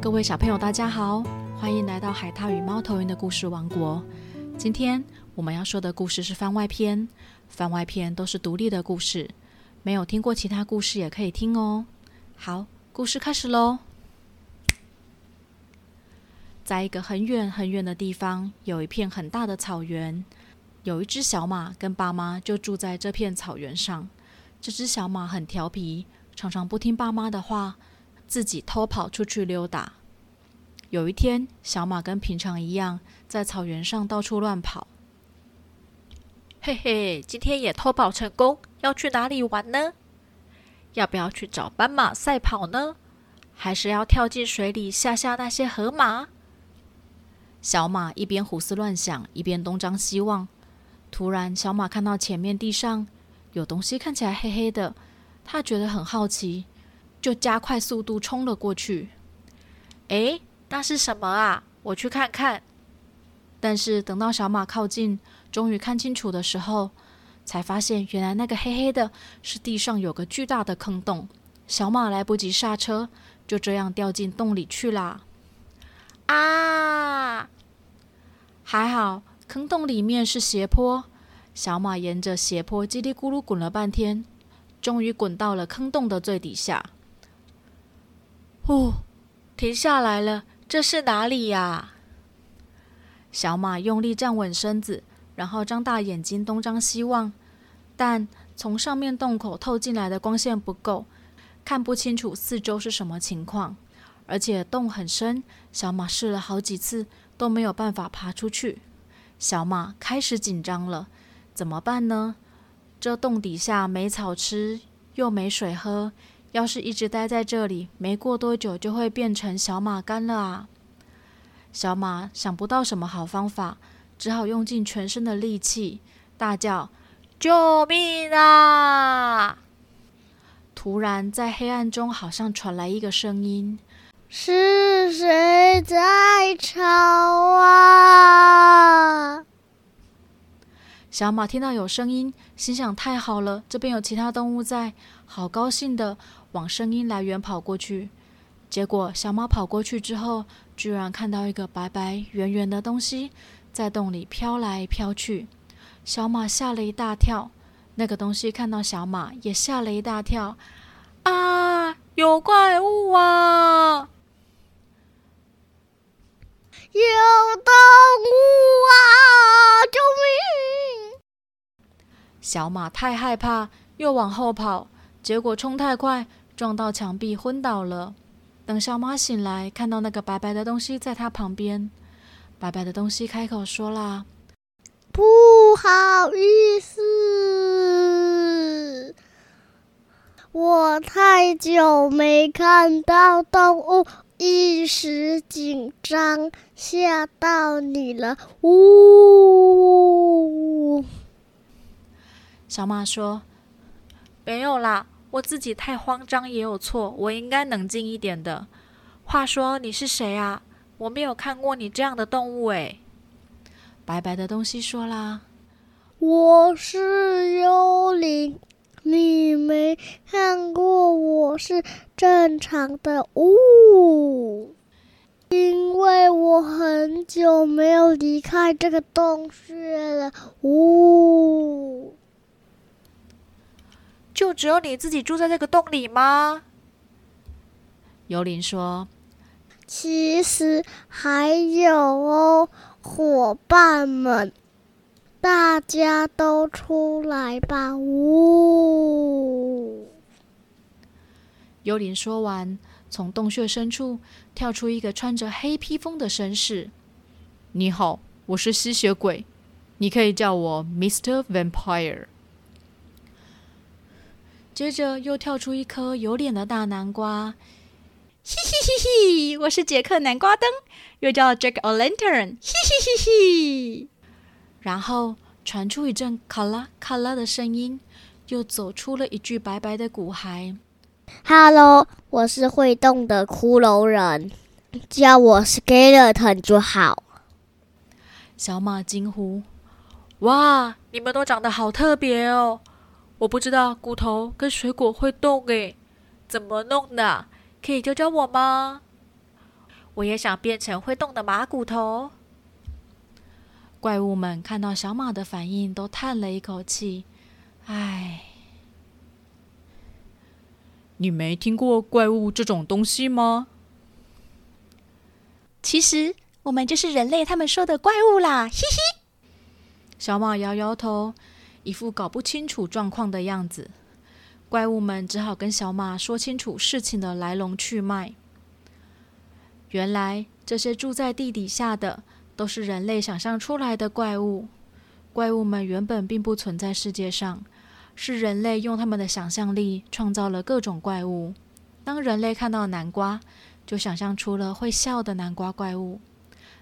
各位小朋友，大家好，歡迎來到海獺與貓頭鷹的故事王國。今天我們要說的故事是番外篇，番外篇都是獨立的故事，沒有聽過其他故事也可以聽哦。好，故事開始嘍。在一個很遠很遠的地方，有一片很大的草原，有一隻小馬跟爸媽就住在這片草原上。這隻小馬很調皮，常常不聽爸媽的話。自己偷跑出去溜達。有一天，小馬跟平常一樣在草原上到處亂跑。嘿嘿，今天也偷跑成功，要去哪裡玩呢？要不要去找斑馬賽跑呢？還是要跳進水裡嚇嚇那些河馬？小馬一邊胡思亂想，一邊東張西望。突然，小馬看到前面地上有東西，看起來黑黑的，他覺得很好奇。就加快速度衝了過去。哎，那是什麼啊？我去看看。但是等到小馬靠近，終於看清楚的時候，才發現原來那個黑黑的，是地上有個巨大的坑洞。小馬來不及剎車，就這樣掉進洞裡去了。啊！還好坑洞裡面是斜坡，小馬沿着斜坡嘰里咕嚕滾了半天，終於滾到了坑洞的最底下。哦，停下來了，這是哪裡呀？小馬用力站穩身子，然後張大眼睛東張西望，但從上面洞口透進來的光線不夠，看不清楚四周是什麼情況，而且洞很深，小馬試了好幾次都沒有辦法爬出去。小馬開始緊張了，怎麼辦呢？這洞底下沒草吃，又沒水喝。要是一直待在這裡，沒過多久就會變成小馬乾了啊！小馬想不到什麼好方法，只好用盡全身的力氣大叫：“救命啊！”突然，在黑暗中好像傳來一個聲音：“是誰在吵啊？”小馬聽到有聲音，心想：“太好了，這邊有其他動物在，好高興的。”往聲音來源跑過去，結果小馬跑過去之後，居然看到一個白白圓圓的東西在洞裡飄來飄去。小馬嚇了一大跳，那個東西看到小馬也嚇了一大跳。啊！有怪物啊！有動物啊！救命！小馬太害怕，又往後跑，結果衝太快。撞到牆壁昏倒了。等小馬醒來，看到那個白白的東西在她旁邊。白白的東西開口說啦：“不好意思，我太久沒看到動物，一時緊張嚇到你了。”嗚。小馬說：“沒有啦。”我自己太慌張也有錯，我應該冷靜一點的。話說你是誰啊？我沒有看過你這樣的動物哎！白白的東西說啦，我是幽靈，你沒看過我是正常的嗚、哦，因為我很久沒有離開這個洞穴了。嗚、哦。就只有你自己住在這個洞裡嗎？幽靈說：“其實還有哦，夥伴們，大家都出來吧！”嗚。幽靈說完，從洞穴深處跳出一個穿着黑披風的紳士。“你好，我是吸血鬼，你可以叫我 Mr. Vampire。”接着，又跳出一顆有臉的大南瓜。嘿嘿嘿嘿，我是傑克南瓜燈，又叫 Jack O' Lantern，嘿嘿嘿嘿。然後傳出一陣卡啦卡啦的聲音，又走出了一具白白的骨骸。Hello，我是會動的骷髏人，叫我 Skeleton 就好。小馬驚呼：“哇，你們都長得好特別哦！”我不知道骨頭跟水果會動哎，怎麼弄的？可以教教我嗎？我也想變成會動的馬骨頭。怪物們看到小馬的反應，都嘆了一口氣：“哎，你沒聽過怪物這種東西嗎？”其實我們就是人類他們說的怪物啦，嘻嘻。小馬搖搖頭。一副搞不清楚狀況的樣子，怪物們只好跟小馬說清楚事情的來龍去脈。原來，這些住在地底下的都是人類想象出來的怪物。怪物們原本並不存在世界上，是人類用他們的想象力創造了各種怪物。當人類看到南瓜，就想象出了會笑的南瓜怪物；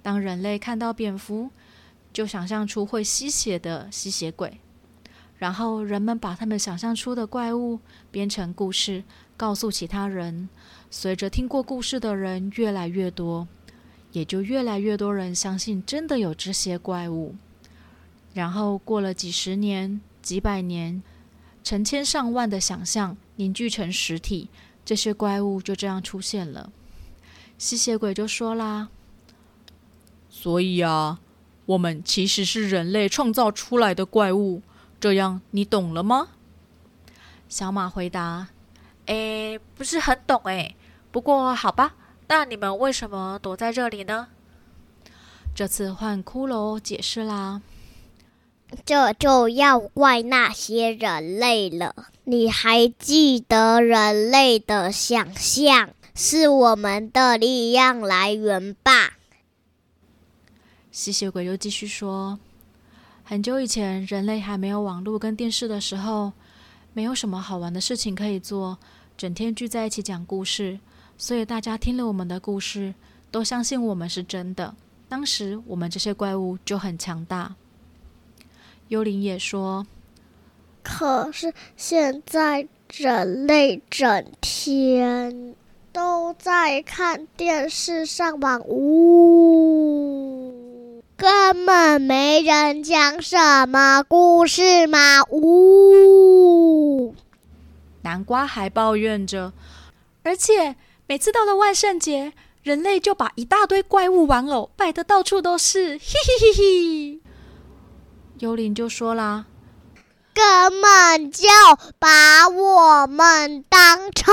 當人類看到蝙蝠，就想象出會吸血的吸血鬼。然後人們把他們想象出的怪物編成故事，告訴其他人。隨着聽過故事的人越來越多，也就越來越多人相信真的有這些怪物。然後過了幾十年、幾百年，成千上萬的想象凝聚成實體，這些怪物就這樣出現了。吸血鬼就說啦：“所以啊，我們其實是人類創造出來的怪物。”這樣你懂了嗎？小馬回答：“誒，不是很懂誒，不過好吧，那你們為什麼躲在這裡呢？”這次換骷髏解釋啦：“這就要怪那些人類了。你還記得人類的想象是我們的力量來源吧？”吸血鬼又繼續說。很久以前，人類還沒有網絡跟電視的時候，沒有什麼好玩的事情可以做，整天聚在一起講故事。所以大家聽了我們的故事，都相信我們是真的。當時我們這些怪物，就很強大。幽靈也說：“可是現在人類整天都在看電視、上網屋，嗚。”根本沒人講什麼故事嘛！嗚、哦，南瓜還抱怨着，而且每次到了萬聖節，人類就把一大堆怪物玩偶擺的到處都是，嘿嘿嘿嘿。幽靈就說啦，根本就把我們當成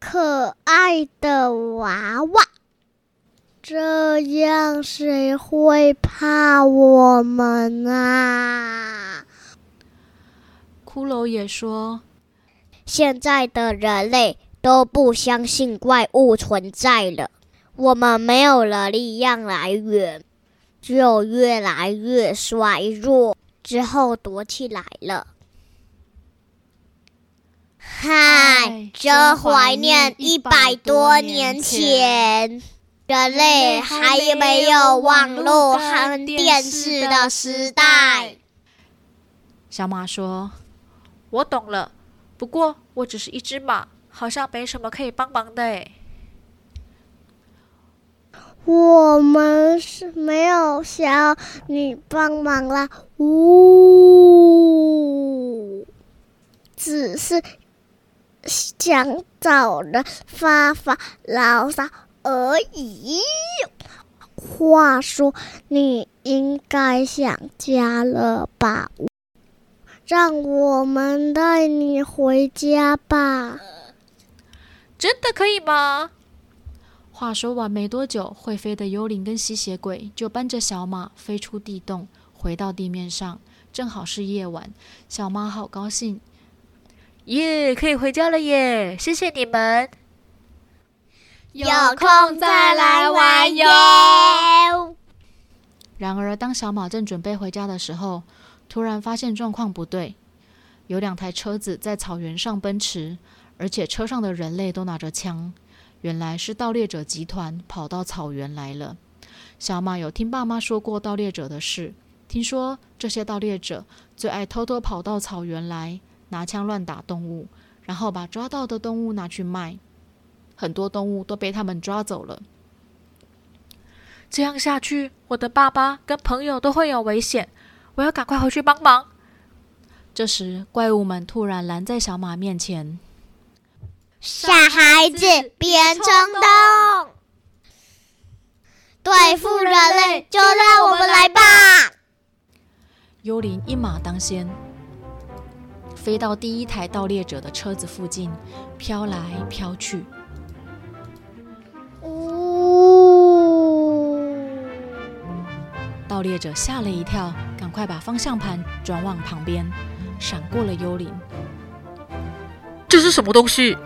可愛的娃娃。這樣誰會怕我們啊？骷髏也說：“現在的人類都不相信怪物存在了，我們沒有了力量來源，只有越來越衰弱，之後躲起來了。哎”嗨，真懷念一百多年前。哎人類還有沒有網絡和電視的時代。小馬說：“我懂了，不過我只是一隻馬，好像沒什麼可以幫忙的、欸。”我們是沒有想你幫忙了，嗚、哦，只是想找人發發牢騷而已。話說，你應該想家了吧？讓我們帶你回家吧。真的可以嗎？話說完沒多久，會飛的幽靈跟吸血鬼就搬着小馬飛出地洞，回到地面上。正好是夜晚，小馬好高興，耶、yeah，可以回家了耶！謝謝你們。有空再來玩喲。然而，當小馬正準備回家的時候，突然發現狀況不對，有兩台車子在草原上奔馳，而且車上的人類都拿着槍。原來是盜獵者集團跑到草原來了。小馬有聽爸媽說過盜獵者的事，聽說這些盜獵者最愛偷偷跑到草原來，拿槍亂打動物，然後把抓到的動物拿去賣。很多動物都被他們抓走了。這樣下去，我的爸爸跟朋友都會有危險。我要趕快回去幫忙。這時，怪物們突然攔在小馬面前：“傻孩子，別衝動！對付人類，就讓我們來吧！”幽靈一馬當先，飛到第一台盜獵者的車子附近，飄來飄去。獵者嚇了一跳，趕快把方向盤轉往旁邊，閃過了幽靈。這是什麼東西？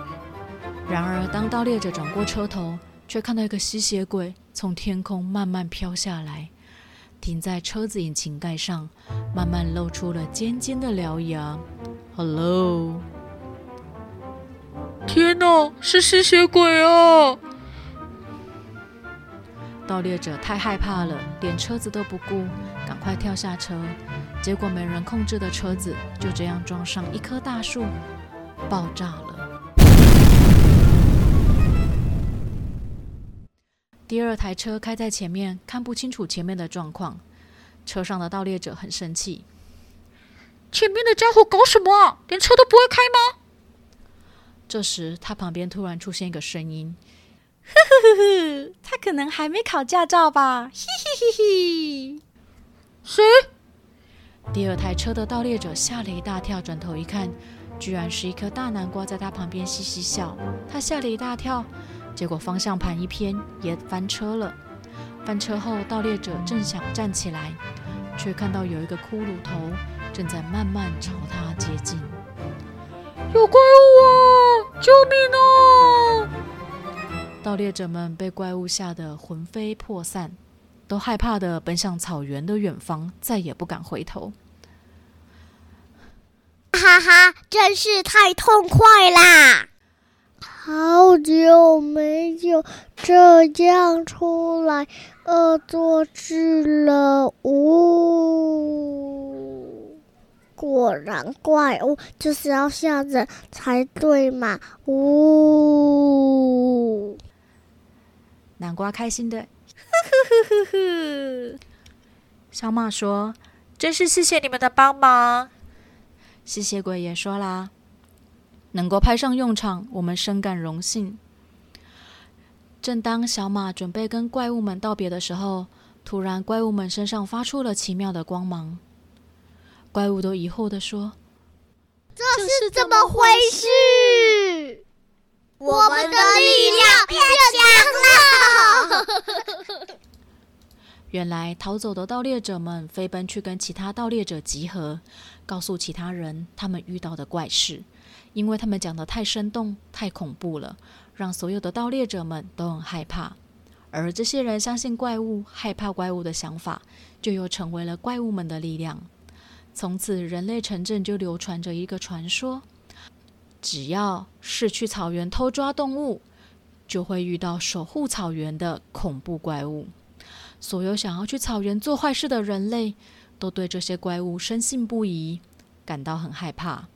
然而，當盜獵者轉過車頭，卻看到一個吸血鬼從天空慢慢飄下來，停在車子引擎蓋上，慢慢露出了尖尖的獠牙。Hello！天哪，是吸血鬼啊！盜獵者太害怕了，連車子都不顧，趕快跳下車。結果沒人控制的車子就這樣撞上一棵大樹，爆炸了。 第二台車開在前面，看不清楚前面的狀況。車上的盜獵者很生氣：“前面的傢伙搞什麼？連車都不會開嗎？”這時，他旁邊突然出現一個聲音。呵呵呵呵，他可能還沒考駕照吧，嘿嘿嘿嘿。誰？第二台車的盜獵者嚇了一大跳，轉頭一看，居然是一顆大南瓜在他旁邊嘻嘻笑。他嚇了一大跳，結果方向盤一偏，也翻車了。翻車後，盜獵者正想站起來，卻看到有一個骷髏頭正在慢慢朝他接近。有怪物啊！救命啊！盜獵者們被怪物嚇得魂飛魄散，都害怕地奔向草原的遠方，再也不敢回頭。哈哈，真是太痛快啦！好久沒有這樣出來惡作劇了。嗚、呃，果然怪物、呃、就是要嚇人才對嘛。嗚、呃。南瓜開心的呵呵呵呵呵，小馬說：“真是謝謝你們的幫忙。”吸血鬼也說啦：“能夠派上用場，我們深感榮幸。”正當小馬準備跟怪物們道別的時候，突然怪物們身上發出了奇妙的光芒。怪物都疑惑的說：“這是怎麼回事？我們的力量變強了。” 原來逃走的盜獵者們飛奔去跟其他盜獵者集合，告訴其他人他們遇到的怪事，因為他們講得太生動、太恐怖了，讓所有的盜獵者們都很害怕。而這些人相信怪物、害怕怪物的想法，就又成為了怪物們的力量。從此，人類城鎮就流傳着一個傳說：只要是去草原偷抓動物。就會遇到守護草原的恐怖怪物。所有想要去草原做壞事的人類，都對這些怪物深信不疑，感到很害怕。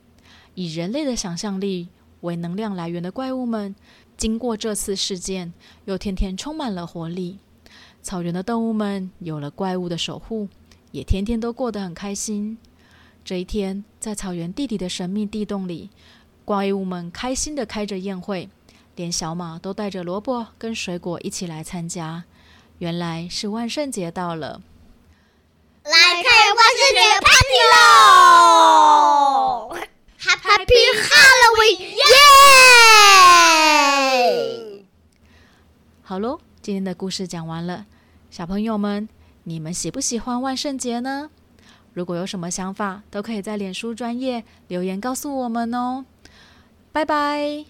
以人類的想象力為能量來源的怪物們，經過這次事件，又天天充滿了活力。草原的動物們有了怪物的守護，也天天都過得很開心。這一天，在草原地底的神祕地洞裡，怪物們開心地開着宴會。連小馬都帶着蘿蔔跟水果一起來參加，原來是萬聖節到了，來看萬聖節的派對嘍！Happy Halloween，耶！好嘍，今天的故事講完了，小朋友們，你們喜不喜歡萬聖節呢？如果有什麼想法，都可以在臉書專頁留言告訴我們哦。拜拜。